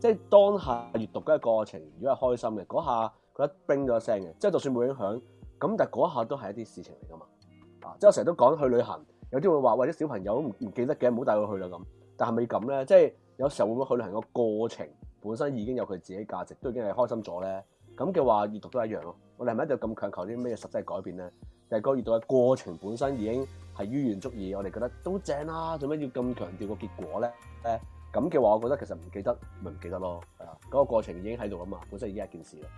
即係當下閱讀嘅過程，如果係開心嘅嗰下，佢一冰 r i n 咗聲嘅，即係就算冇影響，咁但係嗰下都係一啲事情嚟噶嘛。啊，即係我成日都講去旅行，有啲會話，或者小朋友唔唔記得嘅，唔好帶佢去啦咁。但係咪咁咧？即係有時候會唔會去旅行個過程本身已經有佢自己價值，都已經係開心咗咧。咁嘅話，閱讀都一樣咯。我哋係咪一定要咁強求啲咩實際改變咧？就係、是、個閱讀嘅過程本身已經係於願足矣，我哋覺得都正啦、啊。做咩要咁強調個結果咧？咧？咁嘅話，我覺得其實唔記得咪唔記得咯，嗰、嗰個過程已經喺度啦嘛，本身已經係一件事啦。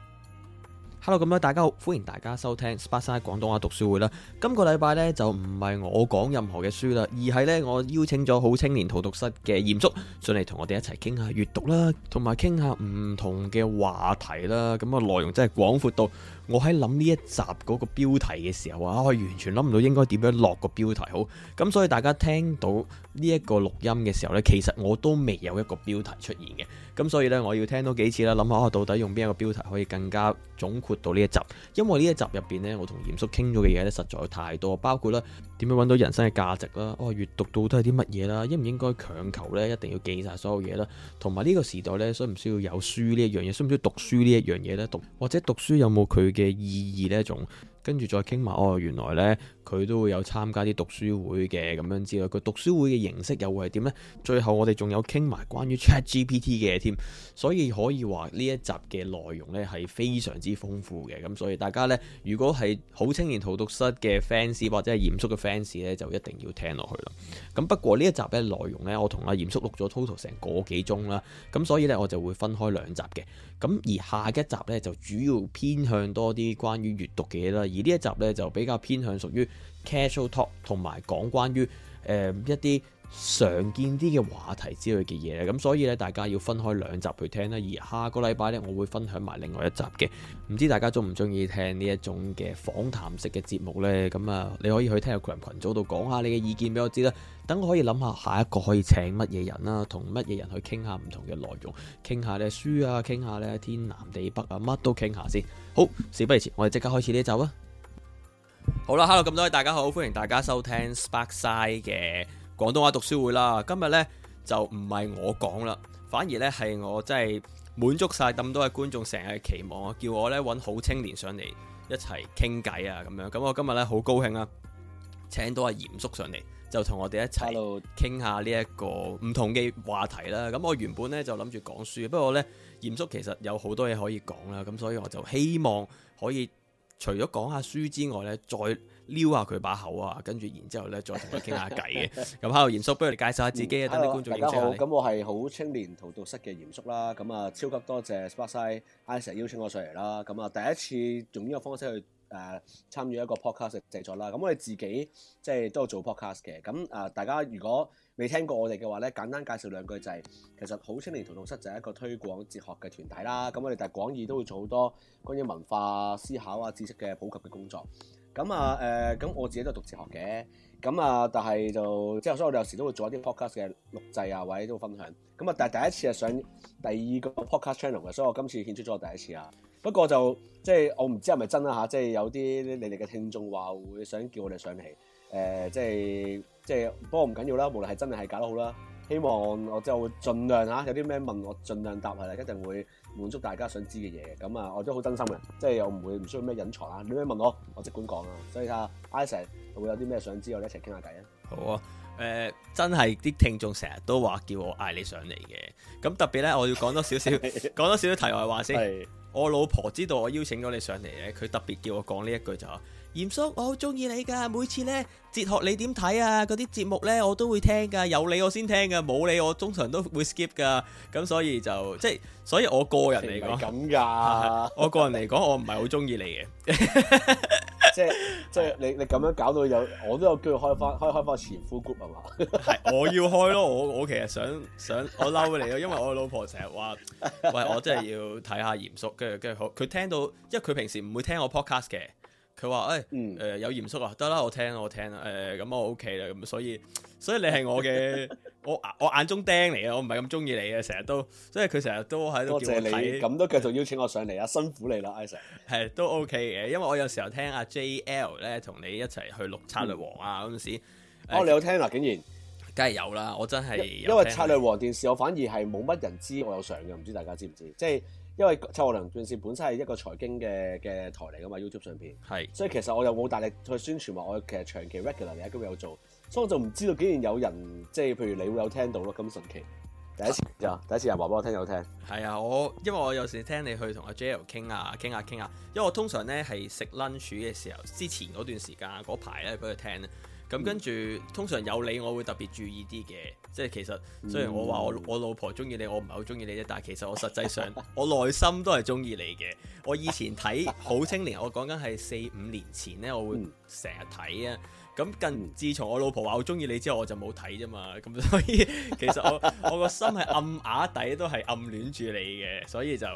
Hello，咁多大家好，歡迎大家收聽《Sparkside 廣東話讀書會》啦。今個禮拜呢，就唔係我講任何嘅書啦，而係呢，我邀請咗好青年荼毒室嘅鹽叔上嚟同我哋一齊傾下閱讀啦，同埋傾下唔同嘅話題啦。咁啊內容真係廣闊到～我喺諗呢一集嗰個標題嘅時候啊，我完全諗唔到應該點樣落個標題好，咁所以大家聽到呢一個錄音嘅時候呢，其實我都未有一個標題出現嘅，咁所以呢，我要聽多幾次啦，諗下我、啊、到底用邊一個標題可以更加總括到呢一集，因為呢一集入邊呢，我同嚴叔傾咗嘅嘢呢，實在太多，包括啦點樣揾到人生嘅價值啦，哦、啊、閱讀到底係啲乜嘢啦，應唔應該強求呢？一定要記晒所有嘢啦，同埋呢個時代呢，需唔需要有書呢一樣嘢，需唔需要讀書呢一樣嘢呢？讀或者讀書有冇佢嘅？嘅意義咧，仲跟住再傾埋哦，原來咧。佢都會有參加啲讀書會嘅咁樣之類，佢讀書會嘅形式又會係點呢？最後我哋仲有傾埋關於 ChatGPT 嘅嘢添，所以可以話呢一集嘅內容呢係非常之豐富嘅。咁所以大家呢，如果係好青年圖讀室嘅 fans 或者係嚴叔嘅 fans 呢，就一定要聽落去啦。咁不過呢一集呢內容呢，我同阿嚴叔錄咗 total 成個幾鐘啦。咁所以呢，我就會分開兩集嘅。咁而下一集呢，就主要偏向多啲關於閱讀嘅嘢啦。而呢一集呢，就比較偏向屬於 Casual talk 同埋講關於誒、呃、一啲常見啲嘅話題之類嘅嘢咧，咁所以咧大家要分開兩集去聽啦。而下個禮拜咧，我會分享埋另外一集嘅。唔知大家中唔中意聽呢一種嘅訪談式嘅節目呢？咁啊，你可以去聽下群組度講下你嘅意見俾我知啦。等我可以諗下下一個可以請乜嘢人啦，同乜嘢人去傾下唔同嘅內容，傾下咧書啊，傾下咧天南地北啊，乜都傾下先。好，事不宜遲，我哋即刻開始呢一集啊！好啦，hello，咁多位大家好，歡迎大家收聽 Sparkside 嘅廣東話讀書會啦。今日呢，就唔係我講啦，反而呢係我真係滿足晒咁多嘅觀眾成日期望，叫我呢搵好青年上嚟一齊傾偈啊咁樣。咁我今日呢，好高興啊，請到阿嚴叔上嚟，就同我哋一齊喺度傾下呢一個唔同嘅話題啦。咁我原本呢，就諗住講書，不過呢，嚴叔其實有好多嘢可以講啦，咁所以我就希望可以。除咗講下書之外咧，再撩下佢把口啊，跟住然之後咧，再同佢傾下偈嘅。咁 Hello，嚴叔，不如你介紹下自己啊，等啲、嗯、觀眾認識下你。咁我係好青年荼毒室嘅嚴叔啦。咁啊，超級多謝 Spotify 邀請我上嚟啦。咁啊，第一次用呢個方式去誒參與一個 podcast 嘅製作啦。咁我哋自己即係都有做 podcast 嘅。咁啊、呃，大家如果～你聽過我哋嘅話咧，簡單介紹兩句就係、是，其實好青年荼毒室就係一個推廣哲學嘅團體啦。咁我哋但係廣義都會做好多關於文化思考啊、知識嘅普及嘅工作。咁啊誒，咁、呃、我自己都係讀哲學嘅。咁啊，但係就即係所以我哋有時都會做一啲 podcast 嘅錄製啊，或者都會分享。咁啊，但係第一次係上第二個 podcast channel 嘅，所以我今次獻出咗我第一次啊。不過就即係我唔知係咪真啦嚇，即係有啲你哋嘅聽眾話會想叫我哋上嚟誒、呃，即係。即係，不過唔緊要啦。無論係真定係假都好啦。希望我即係會盡量吓，有啲咩問我盡量答係啦，一定會滿足大家想知嘅嘢。咁啊，我都好真心嘅，即係又唔會唔需要咩隱藏啊。你咩問我，我即管講啊。所以睇下 Isaac 會有啲咩想知，我哋一齊傾下偈啊。好啊，誒、呃，真係啲聽眾成日都話叫我嗌你上嚟嘅。咁特別咧，我要講多少少，講 多少少題外話先。 是的 我老婆知道我邀請咗你上嚟咧，佢特別叫我講呢一句就。嚴叔，我好中意你噶。每次呢，哲學你點睇啊嗰啲節目呢，我都會聽噶。有你我先聽噶，冇你我通常都會 skip 噶。咁所以就即係，所以我個人嚟講，咁噶。我個人嚟講，我唔係好中意你嘅。 即係即係你你咁樣搞到有，我都有機會開翻，開開翻前夫 group 係嘛。係 我要開咯，我我其實想想我嬲你咯，因為我老婆成日話，「喂，我真係要睇下嚴叔。」跟住跟住佢聽到，因為佢平時唔會聽我 podcast 嘅。佢話：誒誒、哎嗯呃、有嚴肅啊，得啦，我聽我聽啦。誒、呃、咁我 O K 啦，咁所以所以你係我嘅 我我眼中釘嚟咯，我唔係咁中意你嘅，成日都所以佢成日都喺度多謝你，咁都繼續邀請我上嚟啊，嗯、辛苦你啦，Ish。係、嗯、都 O K 嘅，因為我有時候聽阿 J L 咧同你一齊去錄《策略王》啊嗰陣時，你、嗯哦、有聽啦，竟然，梗係有啦，我真係因為《策略王》電視，我反而係冇乜人知我有上嘅，唔知大家知唔知？即係。因為《秋傲良斷事》本身係一個財經嘅嘅台嚟㗎嘛，YouTube 上邊，是所以其實我又冇大力去宣傳話我其實長期 regular 嚟啊，咁有做，所以我就唔知道竟然有人即係譬如你會有聽到咯，咁神奇。第一次，啊，第一次啊，第一次人話俾我聽有聽。係啊，我因為我有時聽你去同阿 JL 傾啊，傾下傾下，因為我通常咧係食 lunch 嘅時候之前嗰段時間嗰排咧嗰度聽咁跟住，通常有你，我會特別注意啲嘅。即係其實，雖然我話我我老婆中意你，我唔係好中意你啫。但係其實我實際上， 我內心都係中意你嘅。我以前睇《好青年》，我講緊係四五年前呢，我會成日睇啊。咁 近，自從我老婆話我中意你之後，我就冇睇啫嘛。咁所以，其實我 我個心係暗啞底都係暗戀住你嘅。所以就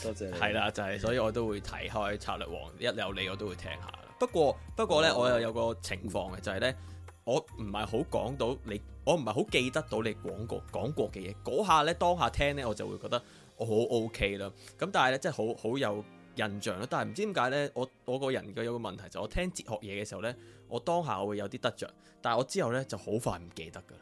多謝，謝你係啦，就係、是。所以我都會睇開策略王，一有你我都會聽下。不過不過咧，我又有個情況嘅，就係咧，我唔係好講到你，我唔係好記得到你講過講過嘅嘢。嗰下咧，當下聽咧，我就會覺得我好 OK 啦。咁但係咧，即係好好有印象咯。但係唔知點解咧，我我個人嘅有個問題就係，我聽哲學嘢嘅時候咧，我當下我會有啲得着，但係我之後咧，就好快唔記得噶。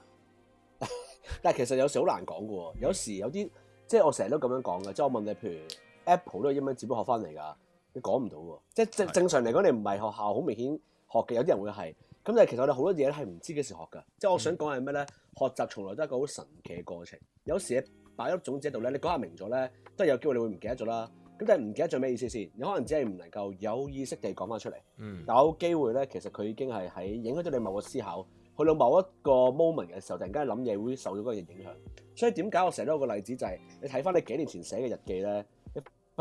但係其實有時好難講噶，有時有啲即係我成日都咁樣講嘅，即係我，我問你，譬如 Apple 都係英文字，學學翻嚟噶。你講唔到喎，即係正正常嚟講，你唔係學校好明顯學嘅，有啲人會係。咁但係其實我哋好多嘢係唔知幾時學嘅。即係我想講係咩咧？學習從來都係一個好神奇嘅過程。有時你擺喺粒種子度咧，你講下明咗咧，都係有機會你會唔記得咗啦。咁但係唔記得咗咩意思先？你可能只係唔能夠有意識地講翻出嚟。嗯。但有機會咧，其實佢已經係喺影響咗你某個思考，去到某一個 moment 嘅時候，突然間諗嘢會受到嗰樣影響。所以點解我成日都有個例子就係、是、你睇翻你幾年前寫嘅日記咧？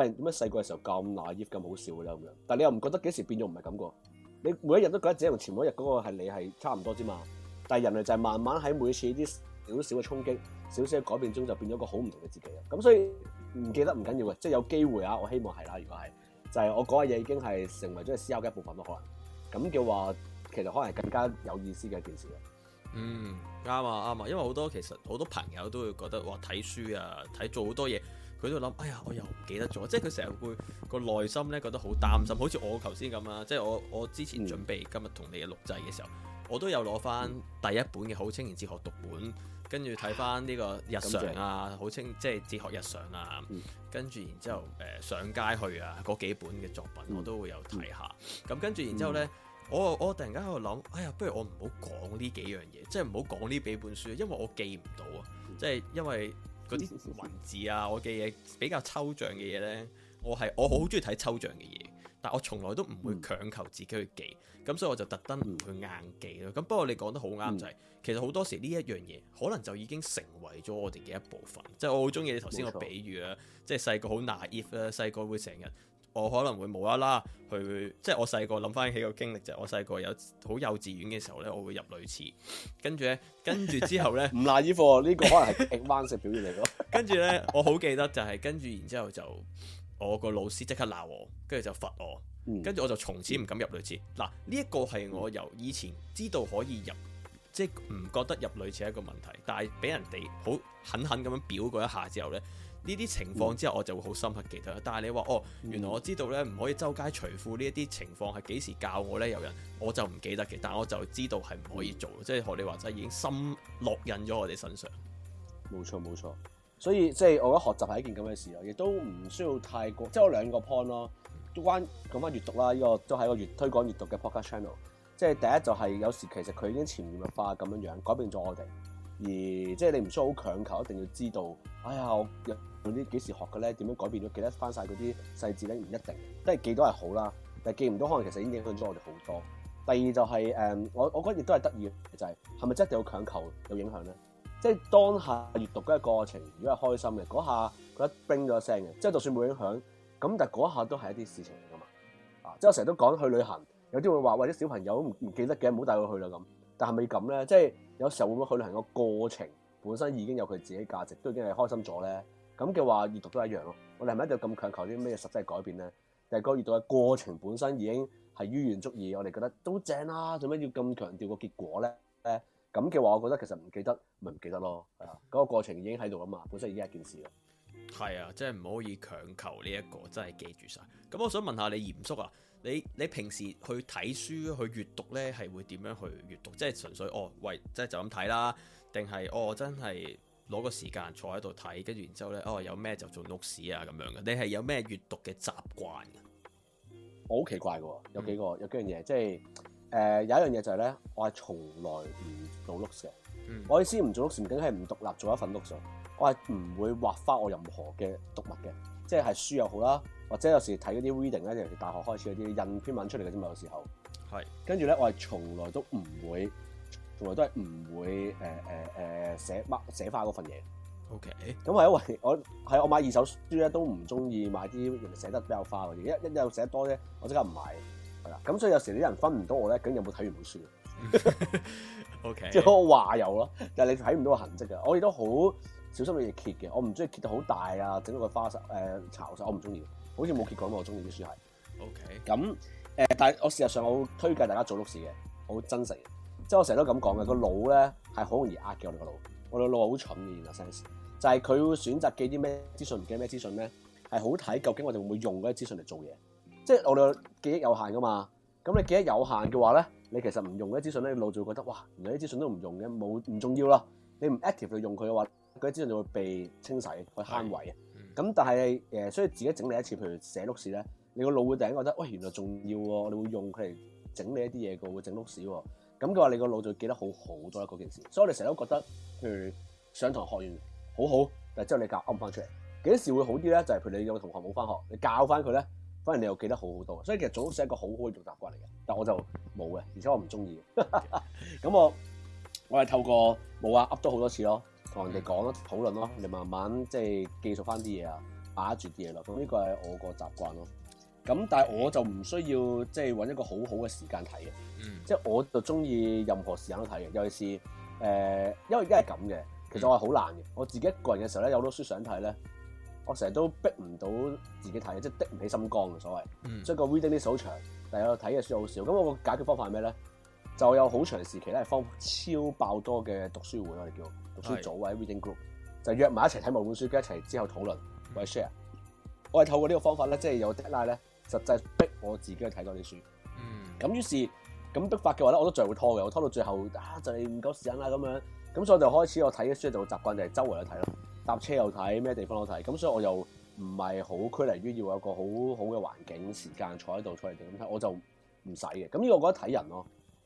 點解細個嘅時候咁 naive 咁好笑嘅咧？咁樣、嗯，但係你又唔覺得幾時變咗唔係咁個？你每一日都覺得自己同前嗰日嗰個係你係差唔多之嘛。但係人類，就係慢慢喺每次啲少少嘅衝擊、少少嘅改變中，就變咗個好唔同嘅自己啊。咁所以唔記得唔緊要嘅，即係有機會啊，我希望係啦。如果係就係我講嘅嘢，已經係成為咗係思考嘅一部分咯。可能咁嘅話，其實可能係更加有意思嘅一件事啊。嗯，啱啊，啱啊，因為好多其實好多朋友都會覺得哇，睇書啊，睇做好多嘢。佢都諗，哎呀，我又唔記得咗，即係佢成日會個內心咧覺得好擔心，好似我頭先咁啊，即係我我之前準備今日同你嘅錄製嘅時候，我都有攞翻第一本嘅《好青年哲學讀本》，跟住睇翻呢個日常啊，《好青即係哲學日常》啊，跟住、嗯、然之後誒上街去啊嗰幾本嘅作品，我都會有睇下。咁跟住然之後咧，嗯、我我突然間喺度諗，哎呀，不如我唔好講呢幾樣嘢，即係唔好講呢幾本書，因為我記唔到啊，即係因為。嗰啲文字啊，我嘅嘢比較抽象嘅嘢呢，我係我好中意睇抽象嘅嘢，但我從來都唔會強求自己去記，咁、嗯、所以我就特登唔去硬記咯。咁、嗯、不過你講得好啱、就是，就係、嗯、其實好多時呢一樣嘢，可能就已經成為咗我哋嘅一部分。即、就、係、是、我好中意你頭先個比喻啊，冇錯，即係細個好 naive 啦，細個會成日。我可能會無啦啦去，即係我細個諗翻起個經歷就係我細個有好幼稚園嘅時候咧，我會入女廁。跟住咧，跟住之後咧，唔拿衣服呢個可能係極慢食表現嚟咯。 跟住咧，我好記得就係、是、跟住然之後就我個老師即刻鬧我，跟住就罰我，嗯、跟住我就從此唔敢入女廁。嗱、嗯，呢一個係我由以前知道可以入，即係唔覺得入女廁係一個問題，但係俾人哋好狠狠咁樣表過一下之後咧。呢啲情況之後，我就會好深刻記得。但係你話哦，原來我知道咧唔可以周街除褲呢一啲情況係幾時教我咧？有人我就唔記得嘅，但我就知道係唔可以做。嗯、即係學你話齋，已經心烙印咗我哋身上。冇錯，冇錯。所以即係、就是、我覺得學習係一件咁嘅事啊，亦都唔需要太過。即係我兩個 point 咯，都關講翻閱讀啦。呢、這個都係一個推廣閱讀嘅 podcast channel、就是。即係第一就係、是、有時其實佢已經潛移默化咁樣樣改變咗我哋，而即係、就是、你唔需要好強求一定要知道。哎呀！總之幾時學嘅咧，點樣改變咗，記得翻晒嗰啲細節咧，唔一定，即係記到係好啦，但係記唔到，可能其實已經影響咗我哋好多。第二就係、是、誒，我我覺得亦都係得意嘅，就係係咪真係一定要強求有影響咧？即係當下閱讀嗰個過程，如果係開心嘅，嗰下佢一冰咗聲嘅，即係就算冇影響，咁但係嗰下都係一啲事情嚟噶嘛。啊，即係我成日都講去旅行，有啲會話，或者小朋友唔記得嘅，唔好帶佢去啦咁。但係咪咁咧？即係有時候會唔會去旅行個過程本身已經有佢自己價值，都已經係開心咗咧？咁嘅話，閱讀都一樣咯。我哋係咪一定要咁強求啲咩實際改變咧？但係個閱讀嘅過程本身已經係於願足矣。我哋覺得都正啦、啊，做咩要咁強調個結果咧？咧咁嘅話，我覺得其實唔記得咪唔記得咯。啊的，嗰個過程已經喺度啊嘛，本身已經係一件事。係啊，即係唔可以強求呢、這、一個真係記住晒。咁我想問下你嚴叔啊，你你平時去睇書去閱讀咧，係會點樣去閱讀？即係純粹哦，喂，即係就咁睇啦，定係哦真係？攞個時間坐喺度睇，跟住然之後咧，哦有咩就做碌屎 t e 啊咁樣嘅。你係有咩閱讀嘅習慣？我好奇怪嘅，有幾個、嗯、有幾樣嘢，即係誒、呃、有一樣嘢就係、是、咧，我係從來唔做碌 o 嘅。嗯、我意思唔做碌 o 唔緊係唔獨立做一份碌 o 我係唔會畫翻我任何嘅讀物嘅，即係書又好啦，或者有時睇嗰啲 reading 咧，其大學開始嗰啲印篇文出嚟嘅啫嘛。有時候係是跟住咧，我係從來都唔會。從來都係唔會，誒誒誒，寫墨寫花嗰份嘢。O K，咁係因為我係我買二手書咧，都唔中意買啲人哋寫得比較花嘅嘢。一一日寫多咧，我即刻唔買係啦。咁所以有時啲人分唔到我咧，究竟有冇睇完本書？O K，即係我話有咯，但係你睇唔到個痕跡嘅。我亦都好小心去揭嘅，我唔中意揭得好大啊，整到個花濕誒巢手。我唔中意。Okay. 好似冇揭過咁，我中意啲書係。O K，咁誒，但係我，Okay.、呃、我事實上我推介大家做碌市嘅，好真誠。即係我成日都咁講嘅，個腦咧係好容易呃嘅。我哋個腦，我哋個腦好蠢嘅。原來 sense 就係佢會選擇記啲咩資訊，唔記咩資訊咧係好睇。究竟我哋會唔會用嗰啲資訊嚟做嘢？即係我哋記憶有限㗎嘛。咁你記憶有限嘅話咧，你其實唔用嗰啲資訊咧，你腦就會覺得哇，原來啲資訊都唔用嘅，冇唔重要咯。你唔 active 去用佢嘅話，嗰啲資訊就會被清洗去慳位啊。咁的但係誒、呃，所以自己整理一次，譬如寫 list 咧，你個腦會突然覺得喂，原來重要喎、啊。我哋會用佢嚟整理一啲嘢嘅，會整 list 喎。咁嘅話，你個腦就會記得好好多嗰件事，所以我哋成日都覺得，譬如上堂學完好好，但係之後你教噏翻出嚟，幾時會好啲咧？就係、是、譬如你有同學冇翻學，你教翻佢咧，反而你又記得好好多。所以其實早都識一個好好嘅習慣嚟嘅，但我就冇嘅，而且我唔中意。咁 我我係透過冇啊噏咗好多次咯，同人哋講咯，討論咯，你慢慢即係記熟翻啲嘢啊，把握住啲嘢咯。咁呢個係我個習慣咯。咁但係我就唔需要即係揾一個好好嘅時間睇嘅，嗯、即係我就中意任何時間都睇嘅，尤其是誒、呃，因為而家係咁嘅，其實我係好懶嘅，我自己一個人嘅時候咧，有好多書想睇咧，我成日都逼唔到自己睇即係掂唔起心肝嘅所謂，所，謂、嗯、所以個 reading list 好長，但係我睇嘅書好少。咁我個解決方法係咩咧？就有好長時期咧係方超爆多嘅讀書會，我哋叫我讀書組或者 reading group，< 是的 S 2> 就約埋一齊睇某本書，跟住一齊之後討論，或者、嗯、share。我係透過呢個方法咧，即係有 deadline 咧。實際逼我自己去睇多啲書，咁、嗯、於是咁逼法嘅話咧，我都仲會拖嘅，我拖到最後啊就係唔夠時間啦咁樣，咁所以我就開始我睇嘅書就會習慣就係周圍去睇啦，搭車又睇，咩地方都睇，咁所以我又唔係好拘泥於要有一個好好嘅環境、時間坐喺度坐喺度咁睇，我就唔使嘅。咁呢個我覺得睇人咯，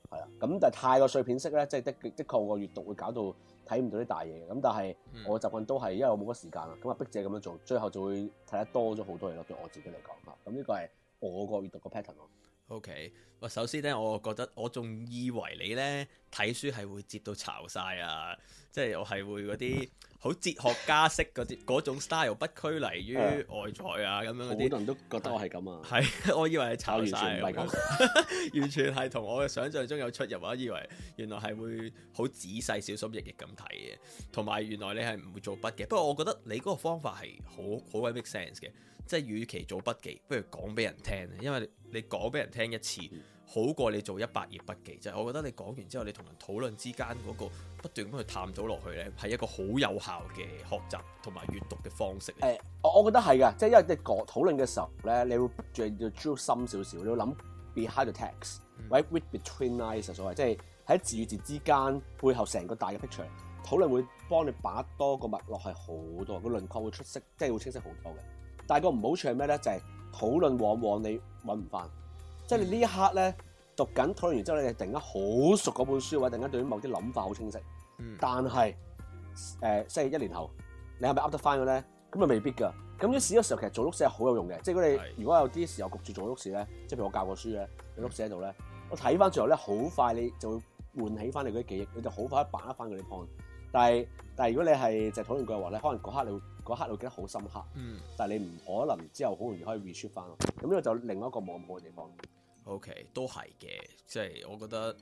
係啦，咁但係太過碎片式咧，即、就、係、是、的、的確的確個閱讀會搞到。睇唔到啲大嘢嘅，咁但係我嘅習慣都係，因為我冇乜時間啦，咁啊逼住咁樣做，最後就會睇得多咗好多嘢咯。對我自己嚟講嚇，咁呢個係我個閱讀嘅 pattern 咯。OK，我首先咧，我覺得我仲以為你咧睇書係會接到巢晒啊，即係我係會嗰啲好哲學家式嗰啲嗰種 style， 不拘泥於外在啊咁 樣嗰啲。好多人都覺得我係咁啊，係， 我以為係巢晒全咁，完全係同 我嘅想象中有出入啊。 以為原來係會好仔細小心翼翼咁睇嘅，同埋原來你係唔會做筆嘅。不過我覺得你嗰個方法係好好鬼 make sense 嘅。即係，與其做筆記，不如講俾人聽咧。因為你講俾人聽一次，好過你做一百頁筆記。就係我覺得，你講完之後，你同人討論之間嗰個不斷咁去探討落去咧，係一個好有效嘅學習同埋閱讀嘅方式。誒，我我覺得係嘅。即係因為你講討論嘅時候咧，你會仲要 drill 深少少，你要諗 behind the text，或者 read between 啊，其實所謂即係喺字與字之間背後成個大嘅 picture，討論會幫你把多個脈絡係好多個輪廓會出色，即係會清晰好多嘅。但係個唔好處係咩咧？就係、是、討論往往你揾唔翻，即係你呢一刻咧讀緊討論完之後，你係突然間好熟嗰本書或者突然間對於某啲諗法好清晰。嗯、但係誒，即、呃、係一年後，你係咪噏得翻嘅咧？咁啊未必㗎。咁啲試嘅時候,時候其實做碌試係好有用嘅，即係如果你是如果有啲時候焗住做碌試咧，即係譬如我教個書咧，你碌試喺度咧，我睇翻最後咧，好快你就會喚起翻你嗰啲記憶，你就好快擺得翻嗰啲 point。但係但係如果你係就係討論嘅話咧，可能嗰刻你會。嗰刻你記得好深刻，嗯，但係你唔可能之後好容易可以 r e 翻咯。咁呢個就另一個冇咁好嘅地方。OK. 都係嘅，即係我覺得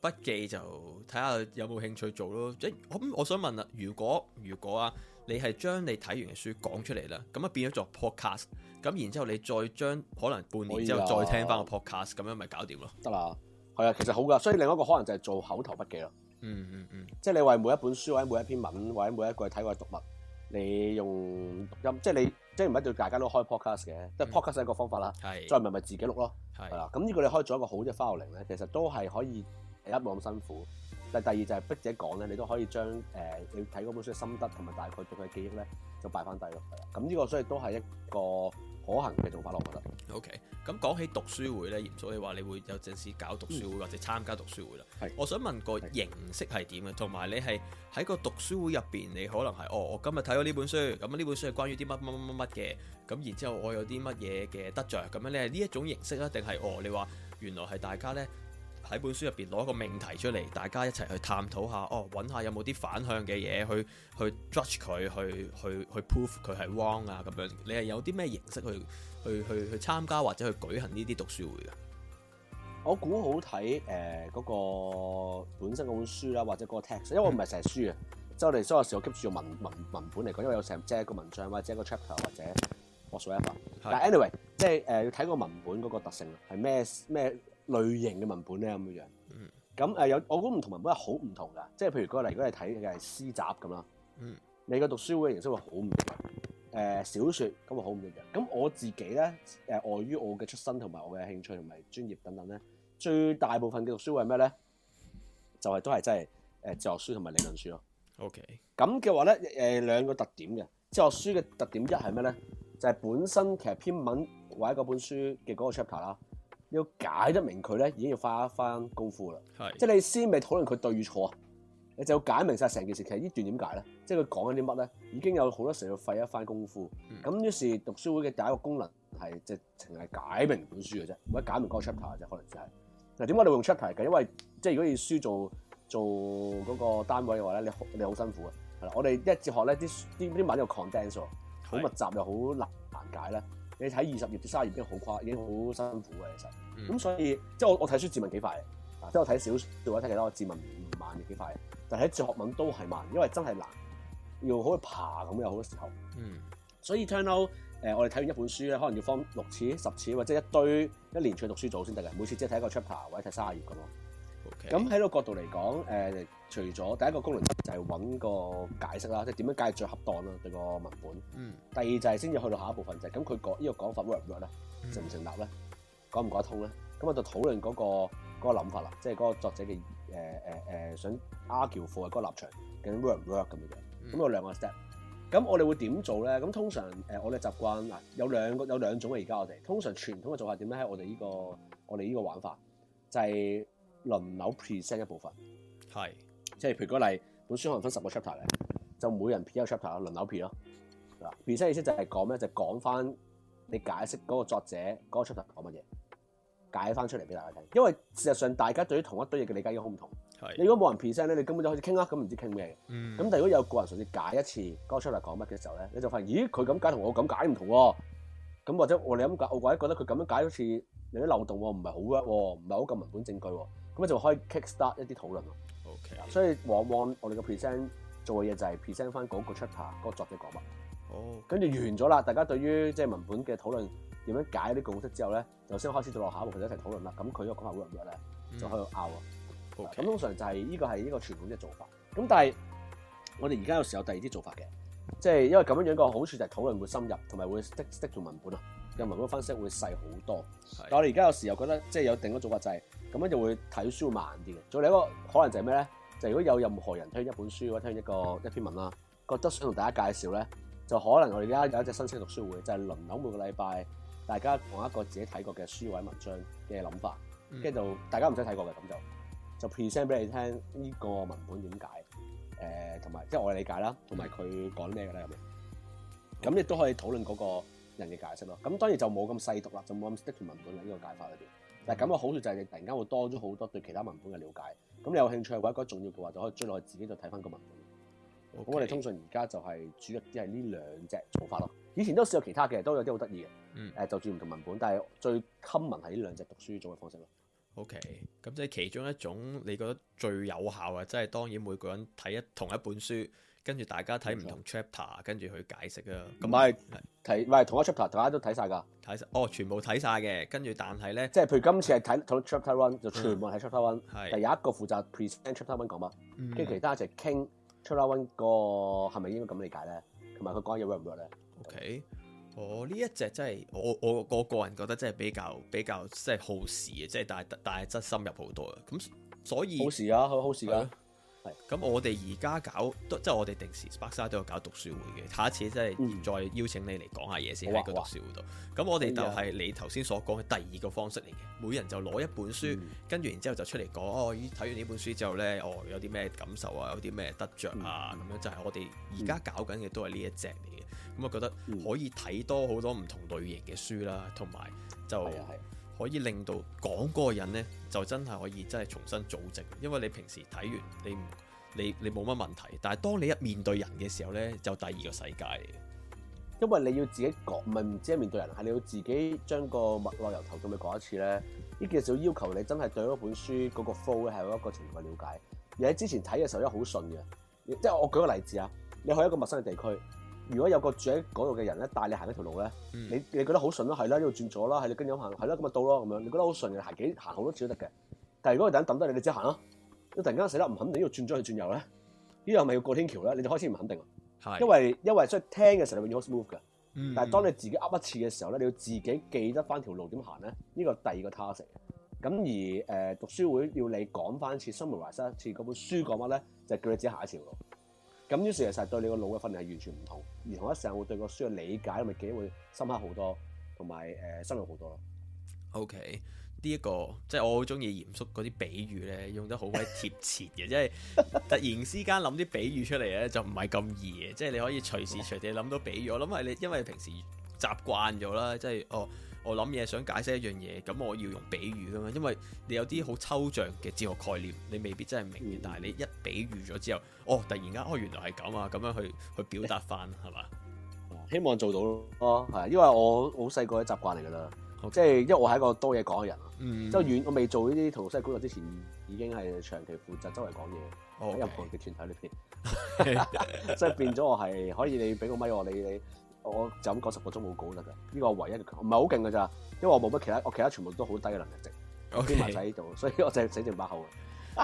筆記就睇下有冇興趣做咯。即係我，我想問啦，如果如果啊，你係將你睇完嘅書講出嚟啦，咁啊變咗做 podcast，咁然之後你再將可能半年之後再聽翻個 podcast，咁樣咪搞掂咯？得啦，係啊，其實好㗎。所以另一個可能就係做口頭筆記咯。嗯，嗯嗯嗯，嗯即係你為每一本書或者每一篇文或者每一個睇過嘅讀物。你用錄音，即係你即係唔係對大家都開 podcast 嘅，即係 podcast 係一個方法啦。係、嗯，再唔係咪自己錄咯？係啦的，咁呢個你可以做一個好嘅 filing 咧，其實都係可以，第一冇咁辛苦。但係第二就係逼住講咧，你都可以將誒、呃、你睇嗰本書嘅心得同埋大概對佢嘅記憶咧，就擺翻低咯。咁呢個所以都係一個。可行嘅做法囉，我覺得。O K，咁講起讀書會呢，所以話你會有陣時搞讀書會、嗯、或者參加讀書會啦。是我想問個形式係點啊？同埋是你係喺個讀書會入邊，你可能係哦，我今日睇咗呢本書，咁呢本書係關於啲乜乜乜乜乜嘅，咁然之後我有啲乜嘢嘅得着。咁樣你係呢一種形式啦，定係哦，你話原來係大家呢。喺本書入邊攞一個命題出嚟，大家一齊去探討下哦，揾下有冇啲反向嘅嘢去去 judge 佢，去去去 prove 佢係 wrong 啊咁樣。你係有啲咩形式去去去去去參加或者去舉行呢啲讀書會嘅？我估好睇誒嗰個本身嗰本書啦，或者嗰個 text，因為我唔係成日書啊，即係 我哋所有時候 keep 住用文文文本嚟講，因為有成即係個文章或者一個 chapter 或者 whatever 的但 anyway，即係誒、呃、要睇個文本嗰個特性係咩咩。類型嘅文本咧咁嘅樣，咁誒有我覺得唔同文本係好唔同噶，即係譬如嗰個例，如果你睇嘅係詩集咁咯，嗯、你個讀書會嘅形式會好唔同，誒、呃、小説咁會好唔一樣。咁我自己咧誒，礙、呃、於我嘅出身同埋我嘅興趣同埋專業等等咧，最大部分嘅讀書會係咩咧？就係、是、都係真係誒哲學書同埋理論書咯。OK，咁嘅話咧誒、呃、兩個特點嘅哲學書嘅特點一係咩咧？就係、是、本身其實篇文或者嗰本書嘅嗰個 chapter 啦。要解得明佢咧，已經要花一番功夫啦。係是，即係你先未討論佢對與錯啊，你就要解明晒成件事其實。呢段點解咧？即係佢講緊啲乜咧？已經有好多時要費一番功夫。咁於、嗯、是讀書會嘅第一個功能係即係淨係解明本書嘅啫，或者解明嗰個 chapter 嘅啫，可能就係、是。嗱點解你哋用 chapter 嘅？因為即係如果以書做做嗰個單位嘅話咧，你好你，好你好辛苦嘅。係啦，我哋一字學咧啲啲文又 condense 喎的，好密集又好難難解咧。你睇二十頁至卅頁已經好誇，已經好辛苦嘅其實。咁、嗯、所以即係我我睇書自問幾快嘅，即係我睇小段位睇其得我自問唔慢嘅幾快，但係哲學文都係慢，因為真係難，要好去爬，咁有好多時候。嗯。所以 turn out 聽落誒，我哋睇完一本書咧，可能要翻六次、十次或者一堆一連串讀書組先得嘅。每次即係睇一個 chapter 或者睇卅頁咁咯。OK。咁喺個角度嚟講誒。呃除咗第一個功能就係揾個解釋啦，即係點樣解最合當啦？對個文本。嗯。第二就係先至去到下一部分、就是，就係咁佢講呢個講法 work 唔 work 咧？成唔成立咧？講唔講得通咧？咁我就討論嗰、那個嗰、那個諗法啦，即係嗰個作者嘅誒誒誒想 u e 富嘅嗰個立場 work 唔 work 咁嘅樣。咁有兩個 step。咁我哋會點做咧？咁通常誒，我哋習慣嗱、啊，有兩個有兩種啊。而家我哋通常傳統嘅做法點咧？喺我哋呢個我哋呢個玩法就係、是、輪流 present 一部分。係、嗯。即係，譬如講例本書可能分十個 chapter 嚟，就每人編一個 chapter 咯，輪流編咯。嗱 present 意思就係講咩？就講、是、翻你解釋嗰個作者嗰、那個 chapter 講乜嘢，解翻出嚟俾大家聽。因為事實上大家對於同一堆嘢嘅理解已經好唔同。係是。你如果冇人 present 咧，你根本就開始傾啦，咁唔知傾咩嘅。咁、嗯、但係如果有個人嘗試解一次嗰個 chapter 講乜嘅時候咧，你就發現咦佢咁解，我解同我咁解唔同喎。咁或者我哋咁解，我或者覺得佢咁樣解好似你啲漏洞喎、啊，唔係好 work 喎，唔係好咁文本證據喎、啊。咁咧就可以 kick start 一啲討論咯、啊。Okay. 所以往往我哋嘅 present 做嘅嘢就係 present 翻嗰個 chapter，嗰個作者講乜。哦，跟住完咗啦，大家對於即係文本嘅討論，點樣解啲共識之後咧，就先開始做落下後，同佢哋一齊討論啦。咁佢嗰個講法會唔會咧，mm. 就喺度拗啊。咁 Okay. 通常就係呢個係呢個傳統嘅做法。咁但係我哋而家有時候有第二啲做法嘅，即、就、係、是、因為咁樣樣個好處就係討論會深入，同埋會 stick stick 住文本咯，嘅文本分析會細好多。的但我哋而家有時又覺得即係、就是、有定一做法就係、是，咁樣就會睇書慢啲嘅。仲有另一個可能就係咩咧？就如果有任何人聽一本書或者聽一個一篇文啦，覺得想同大家介紹咧，就可能我哋而家有一隻新型讀書會，就係、是、輪到每個禮拜大家講一個自己睇過嘅書或者文章嘅諗法，跟住就大家唔使睇過嘅咁就就 present 俾你聽呢個文本點、呃、解，誒同埋即係我嘅理解啦，同埋佢講咩嘅咧咁，咁亦都可以討論嗰個人嘅解釋咯。咁當然就冇咁細讀啦，就冇咁 stick 住文本喺呢、這個解法裏邊，但係咁嘅好處就係你突然間會多咗好多對其他文本嘅了解。咁你有興趣嘅話，或者重要嘅話就可以追落去自己就睇翻個文本。咁 Okay. 我哋通常而家就係主要只係呢兩隻做法咯。以前都試過其他嘅，都有啲好得意嘅。嗯。誒、呃，就住唔同文本，但係最 common 係呢兩隻讀書嘅方式咯。O K，咁即係其中一種，你覺得最有效嘅，即係當然每個人睇一同一本書。跟住大家睇唔同 chapter，跟住去解釋啦。同埋睇唔係同一 chapter，大家都睇晒噶。睇曬哦，全部睇晒嘅。跟住但係咧，即係譬如今次係睇同一 chapter one，就全部睇 chapter one。係，有一個負責 present chapter one 講乜，跟住其他一直傾 chapter one 個，係咪應該咁理解咧？同埋佢講嘢 work 唔 work 咧？OK，哦，呢一隻真係我我個個人覺得真係比較比較即係耗時嘅，即係但係但係真深入好多啊。咁所以耗時啊，好耗時啊？咁我哋而家搞，即係我哋定時白沙都有搞讀書會嘅，下一次真係再邀請你嚟講下嘢先喺個讀書會度。咁我哋就係你頭先所講嘅第二個方式嚟嘅，每人就攞一本書，跟住然之後就出嚟講，哦，依睇完呢本書之後呢，我有啲咩感受啊，有啲咩得着啊，咁樣就係我哋而家搞緊嘅都係呢一隻嚟嘅。咁我覺得可以睇多好多唔同類型嘅書啦，同埋就可以令到講嗰個人咧，就真係可以真係重新組織。因為你平時睇完，你你你冇乜問題，但係當你一面對人嘅時候咧，就第二個世界。因為你要自己講，唔係唔止係面對人，係你要自己將個脈絡由頭到尾講一次咧。呢件事要要求你真係對嗰本書嗰個 flow 咧係有一個程度嘅了解。而喺之前睇嘅時候咧好順嘅，即係我舉個例子啊，你去一個陌生嘅地區。如果有個住喺嗰度嘅人咧帶你行一條路咧，嗯、你你覺得好順咯，係啦，呢度轉左啦，係你跟住行，係啦，咁咪到咯咁樣，你覺得好順嘅行幾行好多次都得嘅。但係如果有等，等得你，你只行咯，你突然間死喇唔肯定呢度轉左定轉右咧？呢個係咪要過天橋咧？你就開始唔肯定啊。係是，因為因為即係聽嘅時候你會好 smooth 嘅，嗯、但係當你自己噏一次嘅時候咧，你要自己記得返條路點行咧，呢個第二個 task 嚟，咁而誒、呃、讀書會要你講返一次，summarise 一次嗰本書講乜咧，就叫你自己行一次路。咁於是其實對你個腦嘅訓練係完全唔同，而同一時間會對個書嘅理解咪記憶會深刻好多，同埋誒深入好多咯。OK，呢、這、一個即係、就是、我好中意嚴叔嗰啲比喻咧，用得好鬼貼切嘅， 即係突然之間諗啲比喻出嚟咧就唔係咁易嘅，即、就、係、是、你可以隨時隨地諗到比喻，我諗係你因為平時習慣咗啦，即、就、係、是、哦。我諗嘢想解釋一樣嘢，咁我要用比喻噶嘛，因為你有啲好抽象嘅哲學概念，你未必真係明，但係你一比喻咗之後，哦，突然間哦，原來係咁啊，咁樣去去表達翻，係嘛？你 希望做到咯，哦，係，因為我好細個嘅習慣嚟噶啦，Okay. 即係因為我係一個多嘢講嘅人啊，即係、嗯、遠我未做呢啲圖西工作之前，已經係長期負責周圍講嘢，喺任何嘅團體裏邊，即 係變咗我係可以你，你俾個咪我，你你。.我就咁講十個鐘冇講得㗎，呢個我唯一嘅唔係好勁㗎咋，因為我冇乜其他，我其他全部都好低嘅能力值，黐埋晒呢度，所以我淨係死定八號。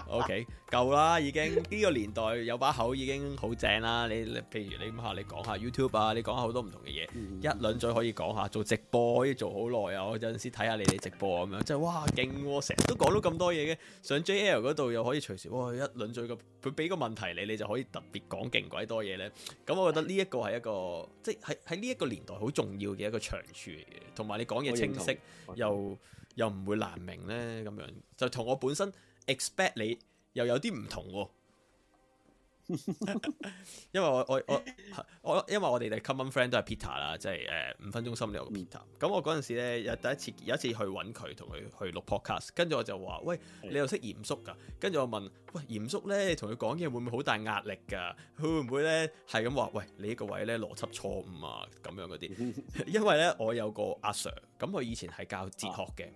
O K，夠啦，已經呢 個年代有把口已經好正啦。你，譬如你吓你講下 YouTube 啊，你講下好多唔同嘅嘢，嗯、一輪嘴可以講下做直播可以做好耐啊。我有陣時睇下你哋直播咁、啊、樣，即係，哇，勁，成日、啊、都講到咁多嘢嘅。上 J L 嗰度又可以隨時，哇一輪嘴咁佢俾個問題你，你就可以特別講勁鬼多嘢咧。咁我覺得呢一個係一個即係喺呢一個年代好重要嘅一個長處，同埋你講嘢清晰又又唔會難明咧。咁樣就同我本身。expect 你又有啲唔同喎、哦， 因為我我我我因為我哋哋 common friend 都係 Peter 啦，即係誒、呃、五分鐘心理。有個 Peter。咁我嗰陣時咧有第一次有一次去揾佢，同佢去錄 podcast，跟住我就話：喂，你又識嚴叔㗎？跟住我問：喂，嚴叔咧，同佢講嘢會唔會好大壓力㗎？佢會唔會咧係咁話？喂，你呢個位咧邏輯錯誤啊咁樣嗰啲。因為咧，我有個阿 Sir。咁佢以前係教哲學嘅，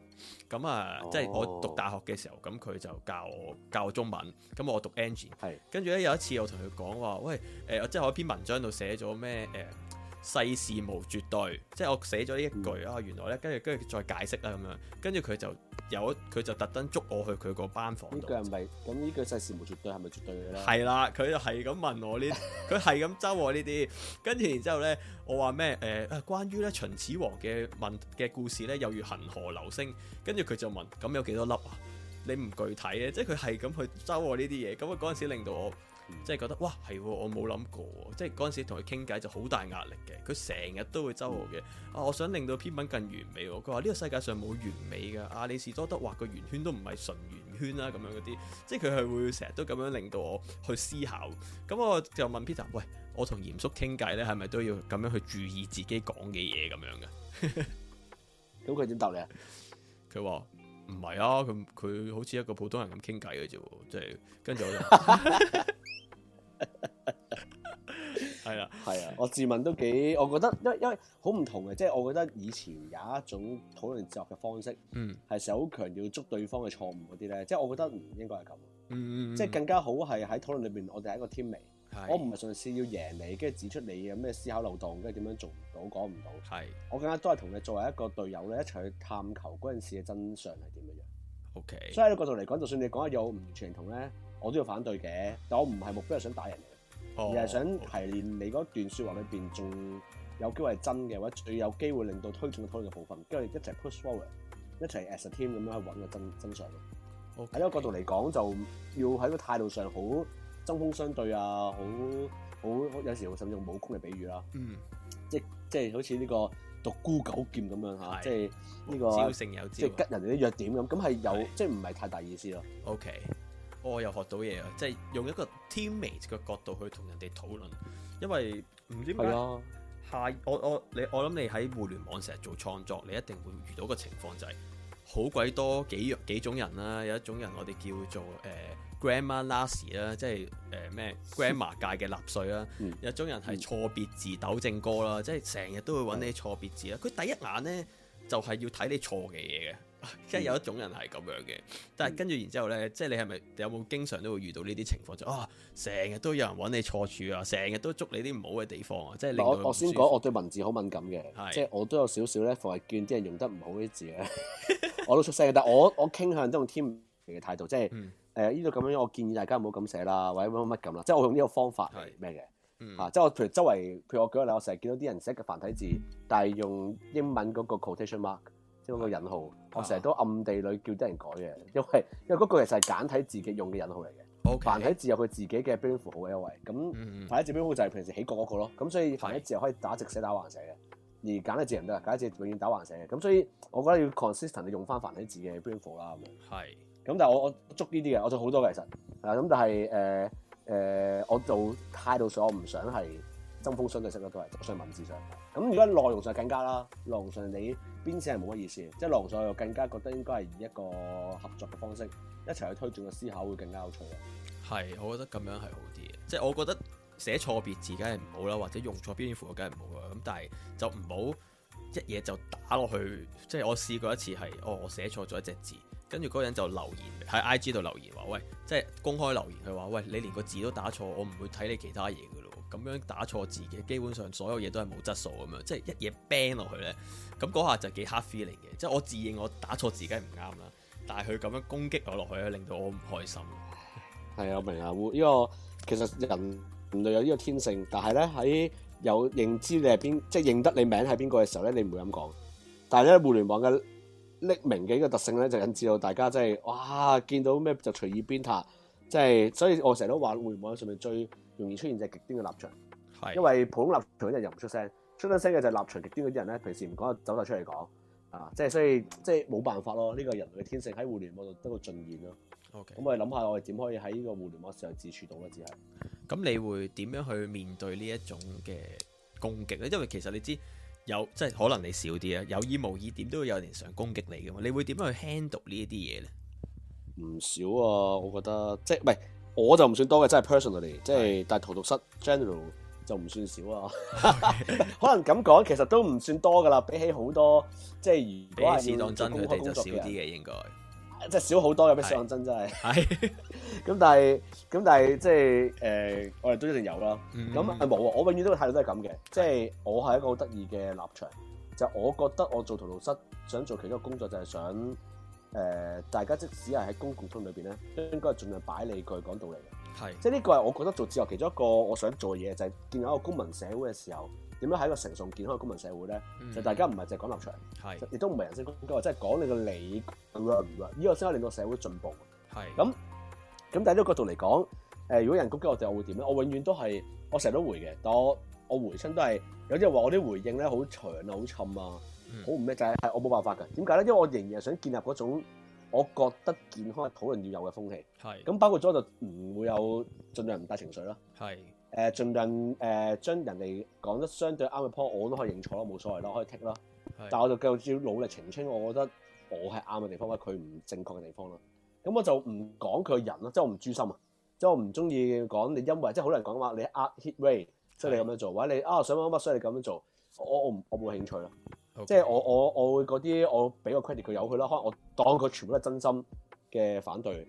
咁啊，嗯、即係我讀大學嘅時候，咁佢就教教中文，咁我讀 engine，係跟住咧有一次我同佢講話，喂，誒、呃，我即係我一篇文章度寫咗咩誒？呃世事無絕對，即係我寫咗呢一句啊，嗯、原來咧，跟住跟住再解釋啦咁樣，跟住佢就有佢就特登捉我去佢個班房，呢句係咪，咁呢句世事無絕對係咪絕對嘅咧？係啦，佢就係咁問我，我 呢，佢係咁周我呢啲，跟住然之後咧，我話咩誒，關於咧秦始皇嘅問嘅故事咧，又如恒河流星。跟住佢就問，咁有幾多粒啊？你唔具體咧，即係佢係咁去周我呢啲嘢，咁啊嗰陣時令到我。即係覺得哇係我冇諗過，即係嗰陣時同佢傾偈就好大壓力嘅。佢成日都會周我嘅，啊我想令到篇文更完美。佢話呢個世界上冇完美噶，阿里士多德畫個圓圈都唔係純圓圈啦，啊，咁樣嗰啲，即係佢係會成日都咁樣令到我去思考。咁我就問 Peter：喂，我同嚴肅傾偈咧，係咪都要咁樣去注意自己講嘅嘢，咁樣噶？咁佢點答你？佢話唔係啊，佢佢好似一個普通人咁傾偈嘅啫。即係跟住我就。 係啊，係啊 我自問都幾，我覺得因為因為好唔同嘅，即係我覺得以前有一種討論哲學嘅方式，嗯，係成日好強調捉對方嘅錯誤嗰啲咧，即係我覺得唔應該係咁，嗯、即係更加好係喺討論裏邊，我哋係一個 teammate，的我唔係嘗試要贏你，跟住指出你有咩思考漏洞，跟住點樣做唔到，講唔到，係的，我更加都係同你作為一個隊友咧，一齊去探求嗰陣時嘅真相係點樣樣，OK，所以喺個角度嚟講，就算你講有唔完全同咧。我都要反對嘅，但我唔係目標係想打人，哦、而係想係練你嗰段説話裏邊仲有機會係真嘅，或者最有機會令到推進嘅討論嘅部分。跟住一齊 push forward，一齊 as a team 咁樣去揾個真真相。喺呢 okay. 個角度嚟講，就要喺個態度上好針鋒相對啊，好好有時候甚至用武功嚟比喻啦、嗯，即是即係好似呢個獨孤九劍咁樣嚇，即係呢個即係吉人哋啲弱點咁，咁係有是即係唔係太大意思咯。OK。我又學到嘢啊！即係用一個 teammate 嘅角度去同人哋討論，因為唔知咩的下我我你我諗你喺互聯網成日做創作，你一定會遇到個情況就係好鬼多幾樣幾種人啦。有一種人我哋叫做誒、呃、grandma lassie 啦，即係誒咩 grandma 界嘅納粹啦。嗯、有一種人係錯別字糾、嗯、正哥啦，即係成日都會揾你錯別字啦。佢、嗯、第一眼呢，就係、是、要睇你錯嘅嘢嘅。即係有一種人係咁樣嘅，嗯、但係跟住然之後咧，即、就、係、是、你係咪有冇經常都會遇到呢啲情況？就是、啊，成日都有人揾你錯處啊，成日都捉你啲唔好嘅地方啊，即係你，我我先講，我對文字好敏感嘅，即係是我都有少少咧，逢係見啲人用得唔好啲字咧， 我都出聲嘅，但我我傾向都用謙卑嘅態度，即係誒呢度咁樣，我建議大家唔好咁寫啦，或者乜乜咁啦。即係我用呢個方法係咩嘅？嗯、啊，即係我譬如周圍，譬如我舉個例，我成日見到啲人寫嘅繁體字，但係用英文嗰個 quotation mark。即個引號，oh. 我成日都暗地裏叫啲人改嘅，因為因為嗰個其實係簡體字自己用嘅引號嚟嘅。Okay. 繁體字有佢自己嘅標點符號嘅優惠，咁、mm hmm. 繁體字標點就係平時起角嗰個，個咯。咁所以繁體字可以打直寫打橫寫嘅，而簡體字唔得，簡體字永遠打橫寫嘅。咁所以我覺得要 consistent 就用翻繁體字嘅標點符啦。咁、mm，hmm. 但係我我捉呢啲嘅，我做好多嘅其實係咁，但係誒誒，我做態度上我唔想係針鋒相對嘅，識嘅，都係，就算文字上，咁如果內容上更加啦，內容上你。邊寫係冇乜意思，即係狼叔又更加覺得應該係以一個合作嘅方式一齊去推進嘅思考會更加有趣。係，我覺得咁樣係好啲嘅，即係我覺得寫錯別字梗係唔好啦，或者用錯標點符號梗係唔好嘅，咁但係就唔好一嘢就打落去。即係我試過一次係，哦，我寫錯咗一隻字，跟住嗰個人就留言喺 IG 度留言話，喂，即係公開留言佢話，喂，你連個字都打錯，我唔會睇你其他嘢嘅。咁樣打錯字嘅，基本上所有嘢都係冇質素咁樣，即係一嘢 ban 落去咧，咁嗰下就幾 hard feeling 嘅。即係我自認我打錯字梗係唔啱啦，但係佢咁樣攻擊我落去咧，令到我唔開心。係啊，我明啊，呢個其實人類有呢個天性，但係咧，喺有認知你係邊，即係認得你名係邊個嘅時候咧，你唔會咁講。但係咧，互聯網嘅匿名嘅呢個特性咧，就引致到大家即係哇，見到咩就隨意鞭撻，即係所以我成日都話互聯網上面最。容易出現隻極端嘅立場，係的因為普通立場嗰啲人又唔出聲，出得聲嘅就係立場極端嗰啲人咧，平時唔講，走晒出嚟講，啊，即係所以即係冇辦法咯，呢個人類嘅天性喺互聯網度得到盡現咯。OK，咁我哋諗下我哋點可以喺呢個互聯網上自處到啦，只係。咁你會點樣去面對呢一種嘅攻擊咧？因為其實你知有即係可能你少啲啊，有意無意點都會有人想攻擊你嘅嘛。你會點樣去 handle 呢一啲嘢咧？唔少啊，我覺得即係唔我就唔算多嘅，真係，即係 personally，即係但係圖讀室 general 就唔算少啊。Okay. 可能咁講，其實都唔算多噶啦，比起好多即係如果係算真公開工作嘅。佢哋就少啲嘅應該，即係少好多。有咩想真真係？係是。咁 但係咁但係即係誒、呃，我哋都一定有啦。咁啊冇啊，我永遠都個態度都係咁嘅，即係我係一個好得意嘅立場，是就我覺得我做圖讀室想做其中一個工作就係想。誒、呃，大家即只係喺公共通裏邊咧，應該係盡量擺理據講道理嘅。係是，即呢個係我覺得做自由其中一個我想做嘅嘢，就係建立一個公民社會嘅時候，點樣喺一個成熟健康嘅公民社會咧？嗯、就大家唔係淨係講立場，係是，亦都唔係人身攻擊，即係講你嘅理呢個先可以令到社會進步。係是，咁咁但係呢個角度嚟講，誒、呃，如果人攻擊我哋，我會點咧？我永遠都係，我成日都回嘅。我回我回親都係有啲人話我啲回應咧好長啊，好沉啊。好唔咩就係我冇辦法㗎。點解咧？因為我仍然係想建立嗰種我覺得健康係討論要有嘅風氣係咁，是包括咗就唔會有盡量唔帶情緒啦。係誒是、呃，盡量誒、呃、將人哋講得相對啱嘅 point，我都可以認錯咯，冇所謂咯，可以剔咯是。但係我就繼續要努力澄清，我覺得我係啱嘅地方，或者佢唔正確嘅地方咯。咁我就唔講佢人啦，即、就、係、是、我唔專心啊，即、就、係、是、我唔中意講你因為即係好多人講話你呃 hit rate，即係你咁樣做或者你啊想乜乜，所以你咁樣，是、啊、樣做，我我我冇興趣咯。即係 Okay. 我我我會嗰啲我俾個 credit 佢有佢啦，可能我當佢全部都係真心嘅反對，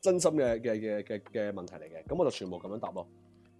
真心嘅嘅嘅嘅嘅問題嚟嘅，咁我就全部咁樣答咯。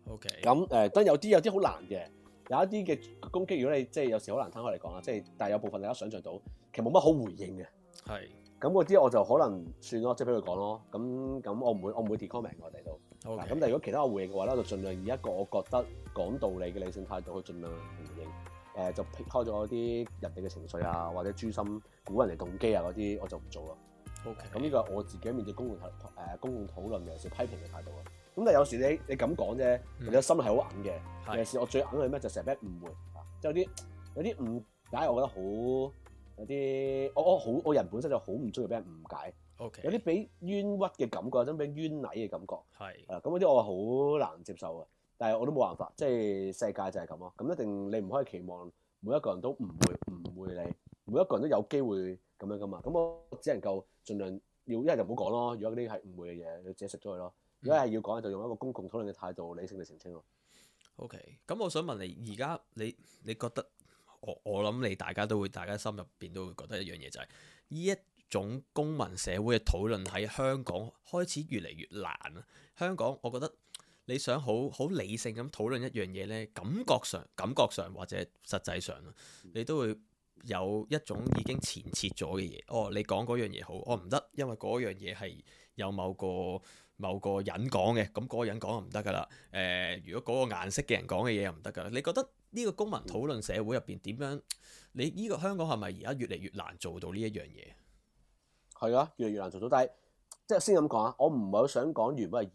OK。咁、呃、誒，當然有啲有啲好難嘅，有一啲嘅攻擊，如果你即係有時好難攤開嚟講啊，即係但係有部分大家想像到，其實冇乜好回應嘅。係是。咁嗰啲我就可能算咯，即係俾佢講咯。咁咁我唔會我唔會 comment 我哋都。咁，Okay. 但係如果其他我回應嘅話咧，就盡量以一個我覺得講道理嘅理性態度去盡量回應。誒、呃、就撇開咗嗰啲人哋嘅情緒啊，或者專心估人哋動機啊嗰啲，我就唔做咯。OK，咁呢個係我自己面對公共討、呃、公共討論嘅時批評嘅態度咯。咁但係有時你你咁講啫，其實心裏係好硬嘅。尤其我最硬係咩？就成日俾人誤會啊，即係有啲有啲誤解，我覺得好有啲我我好我人本身就好唔中意俾人誤解。OK，有啲俾冤屈嘅感覺，有啲俾冤禮嘅感覺。係是是啊，咁嗰啲我好難接受啊。但我都冇辦法，即係世界就係咁咯。咁一定你唔可以期望每一個人都唔會誤會你，每一個人都有機會咁樣㗎嘛。咁我只能夠盡量要一係就唔好講咯。如果啲係誤會嘅嘢，你自己食咗佢咯。如果係要講，就用一個公共討論嘅態度理性嚟澄清咯、嗯。OK，咁、嗯、我想問你，而家你你覺得我我諗你大家都會，大家心入邊都會覺得一樣嘢就係、是、呢一種公民社會嘅討論喺香港開始越嚟越難啊。香港我覺得。你想好好理性咁討論一樣嘢呢？感覺上、感覺上或者實際上，你都會有一種已經前設咗嘅嘢。哦，你講嗰樣嘢好，哦唔得，因為嗰樣嘢係有某個某個人講嘅，咁、那、嗰個人講唔得噶啦。誒、呃，如果嗰個顏色嘅人講嘅嘢又唔得噶，你覺得呢個公民討論社會入邊點樣？你呢個香港係咪而家越嚟越難做到呢一樣嘢？係啊，越嚟越難做到，但係即係先咁講啊，我唔係好想講全部係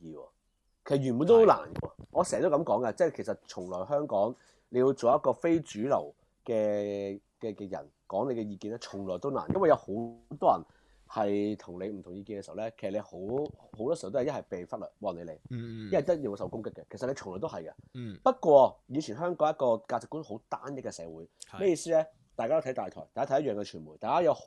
其實原本都好難嘅，的我成日都咁講嘅，即係其實從來香港你要做一個非主流嘅嘅嘅人講你嘅意見咧，從來都難，因為有好多人係同你唔同意見嘅時候咧，其實你好好多時候都係一係被忽略，話你嚟，一係真係會受攻擊嘅。其實你從來都係嘅。嗯、不過以前香港一個價值觀好單一嘅社會，咩的意思咧？大家都睇大台，大家睇一樣嘅傳媒，大家有好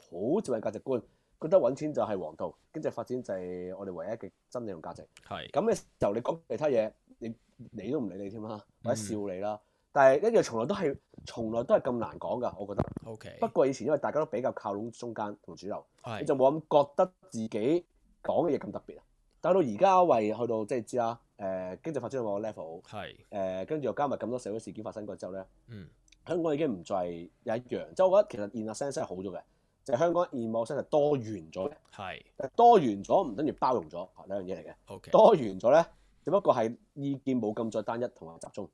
少嘅價值觀。覺得揾錢就係王道，經濟發展就係我哋唯一嘅真理同價值。係咁嘅就你講其他嘢，你你都唔理你添啦，或者笑你啦。嗯、但係一樣，從來都係，從來都係咁難講㗎。我覺得。O K。不過以前因為大家都比較靠攏中間同主流，是你就冇咁覺得自己講嘅嘢咁特別啊。但到而家為去到即係知啦，誒、呃、經濟發展到某個 level，係誒跟住又加埋咁多社會事件發生過之後咧，嗯，香港已經唔再有一樣，即係我覺得其實 in a sense 係好咗嘅。就係香港二模式係多元咗咧，係是，多元咗唔等於包容咗兩樣嘢嚟嘅。Okay. 多元咗咧，只不過係意見冇咁再單一同埋集中，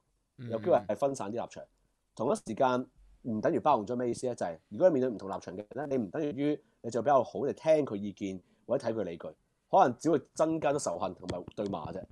有機會係分散啲立場。同一時間唔等於包容咗咩意思咧？就係、是、如果你面對唔同立場嘅人，你唔等於你就比較好哋聽佢意見或者睇佢理據，可能只會增加咗仇恨同埋對罵啫。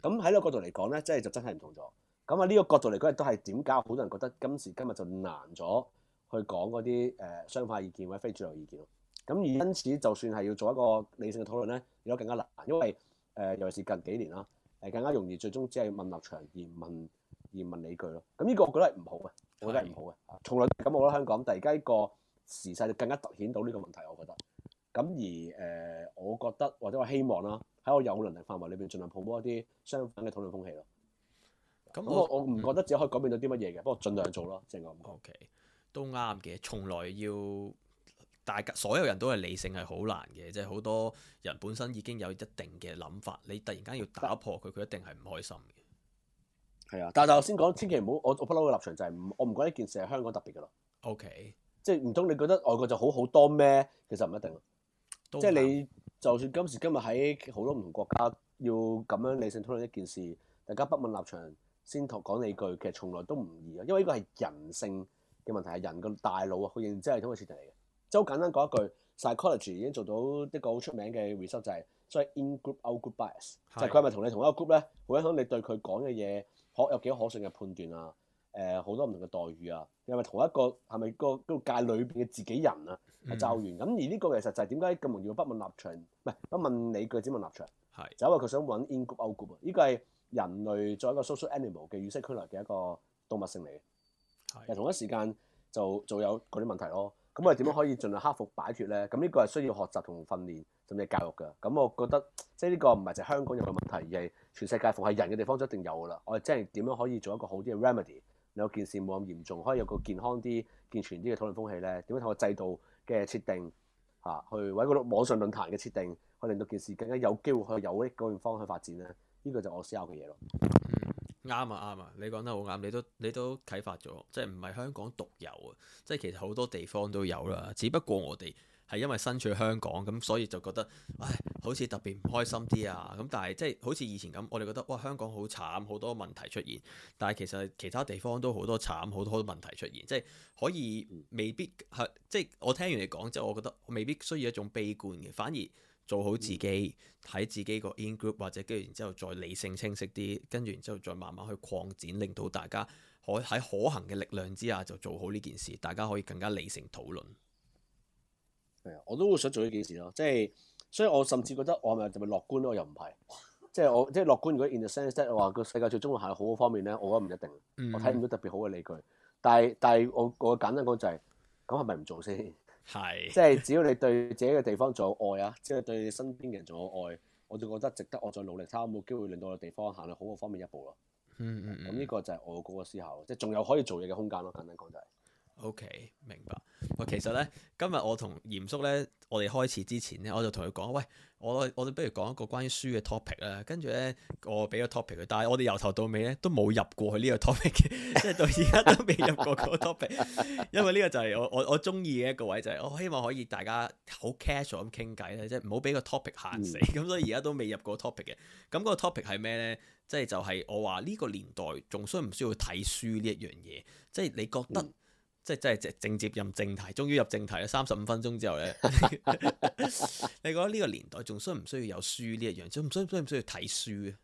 咁喺呢個角度嚟講咧，即係就真係唔同咗。咁啊呢個角度嚟講都係點解好多人覺得今時今日就難咗？去講嗰啲誒雙方意見或者非主流意見咯，咁而因此就算係要做一個理性嘅討論咧，亦都更加難，因為誒、呃、尤其是近幾年啦，誒、呃、更加容易最終只係問立場而問而問理據咯。咁呢個我覺得係唔好嘅，我，好的我覺得係唔好嘅，從來都咁冇啦香港，突然家依個時勢就更加凸顯到呢個問題，我覺得。咁而誒、呃，我覺得或者我希望啦、啊，喺我有能力範圍裏邊盡量抱 r 一啲相反嘅討論風氣咯。咁我我唔、嗯、覺得只可以改變到啲乜嘢嘅，不過盡量做咯，即係我唔咁講。Okay. 都啱嘅，從來要大家所有人都係理性係好難嘅，即係好多人本身已經有一定嘅諗法，你突然間要打破佢，佢但一定係唔開心嘅。係啊，但係頭先講，千祈唔好我我不嬲嘅立場就係、是、唔我唔覺得呢件事係香港特別嘅咯。O Okay . K，即係唔通你覺得外國就好好多咩？其實唔一定，即係你就算今時今日喺好多唔同國家要咁樣理性討論一件事，大家不問立場先同講你句，其實從來都唔易啊，因為呢個係人性。嘅問題係人個大腦啊，佢認知系統嘅設定嚟嘅，即係好簡單講一句，psychology 已經做到一個好出名嘅 research 就係、是、所謂 in-group out-group bias，是就係佢係咪同你同一個 group 咧，好影響你對佢講嘅嘢可有幾多可信嘅判斷啊？誒、呃，好多唔同嘅待遇啊，係咪同一個係咪個界裏邊嘅自己人啊？係驟完咁，而呢個其實就係點解咁容易不問立場，唔係不問你句，只問立場，係是就因為佢想揾 in-group out-group，啊。呢個係人類作為一個 social animal 嘅與生俱來嘅一個動物性嚟。係，同一時間就就有嗰啲問題咯。咁我哋點樣可以盡量克服擺脱咧？咁呢個係需要學習同訓練，甚至教育㗎。咁我覺得即係呢個唔係就香港有個問題，而係全世界逢係人嘅地方就一定有㗎啦。我哋真係點樣可以做一個好啲嘅 remedy，令到件事冇咁嚴重，可以有個健康啲、健全啲嘅討論風氣咧？點樣透過制度嘅設定嚇、啊，去或者個網上論壇嘅設定，去令到件事更加有機會去有益嗰樣方向發展咧？呢個就我思考嘅嘢咯。啱啊啱啊！你講得好啱，你都你都啟發咗，即係唔係香港獨有啊？即係其實好多地方都有啦。只不過我哋係因為身處香港咁，所以就覺得唉，好似特別唔開心啲啊。咁但係即係好似以前咁，我哋覺得哇，香港好慘，好多問題出現。但係其實其他地方都好多慘，好多好多問題出現。即係可以未必係，即係我聽完你講，即係我覺得未必需要一種悲觀嘅。反而。做好自己，睇自己個 in group，或者跟住之後再理性清晰啲，跟住之後再慢慢去擴展，令到大家可喺可行嘅力量之下就做好呢件事。大家可以更加理性討論。係啊，我都會想做呢件事咯。即係，所以我甚至覺得我咪就咪樂觀咧？又唔係。即係我即係樂觀。如果 in the sense 即係話個世界最終會係好嘅方面咧，我覺得唔一定。嗯、我睇唔到特別好嘅理據。但係但係我我簡單講就係、是，咁係咪唔做先？係，是即係只要你對自己嘅地方仲有愛啊，即係對身邊嘅人仲有愛，我就覺得值得我再努力差有冇機會令到個地方行到好嘅方面一步咯、啊。嗯嗯咁呢個就係我嗰個思考，即係仲有可以做嘢嘅空間咯、啊。簡單講就係、是。O、okay, K，明白。我其實咧，今日我同嚴叔咧，我哋開始之前咧，我就同佢講，喂，我我哋不如講一個關於書嘅 topic 啦。」跟住咧，我俾個 topic 佢。但係我哋由頭到尾咧，都冇入過去呢個 topic 嘅，即 係到而家都未入過個 topic。因為呢個就係我我我中意嘅一個位，就係、是、我希望可以大家好 casual 咁傾偈咧，即係唔好俾個 topic 限死。咁、嗯、所以而家都未入過 topic 嘅。咁個 topic 係咩咧？即係就係、是、我話呢個年代仲需唔需要睇書呢一樣嘢？即、就、係、是、你覺得？即係真係直接入正題，終於入正題啦！三十五分鐘之後咧， 你覺得呢個年代仲需唔需要有書呢一樣？仲需唔需唔需要睇書啊？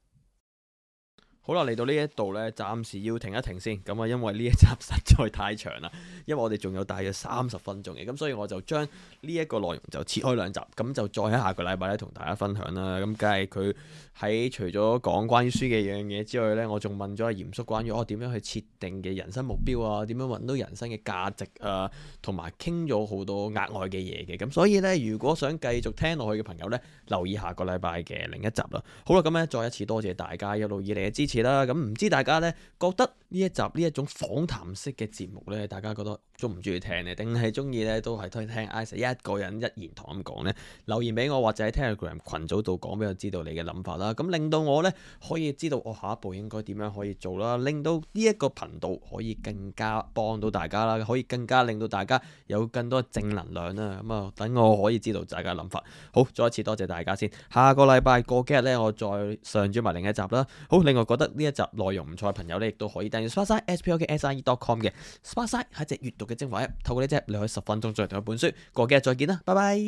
好啦，嚟到呢一度呢，暫時要停一停先。咁啊，因為呢一集實在太長啦，因為我哋仲有大約三十分鐘嘅，咁所以我就將呢一個內容就切開兩集，咁就再喺下個禮拜咧同大家分享啦。咁梗係佢喺除咗講關於書嘅樣嘢之外呢，我仲問咗阿嚴叔關於我點樣去設定嘅人生目標啊，點樣揾到人生嘅價值啊，同埋傾咗好多額外嘅嘢嘅。咁所以呢，如果想繼續聽落去嘅朋友呢，留意下個禮拜嘅另一集啦。好啦，咁呢，再一次多謝大家一路以嚟嘅支持。啦，咁唔知大家咧覺得，呢一集呢一種訪談式嘅節目呢，大家覺得中唔中意聽呢？定係中意呢？都係推聽 Ice 一個人一言堂咁講呢，留言俾我，或者喺 Telegram 群組度講俾我知道你嘅諗法啦。咁令到我呢，可以知道我下一步應該點樣可以做啦。令到呢一個頻道可以更加幫到大家啦，可以更加令到大家有更多正能量啦。咁啊，等我可以知道大家諗法。好，再一次多謝大家先。下個禮拜過幾日呢，我再上轉埋另一集啦。好，另外覺得呢一集內容唔錯嘅朋友呢，亦都可以 Sparkside.spo、OK、嘅 sir.com 嘅 Sparkside 係一隻閲讀嘅精華 app，透過呢隻你可以十分鐘再讀一本書。過幾日再見啦，拜拜。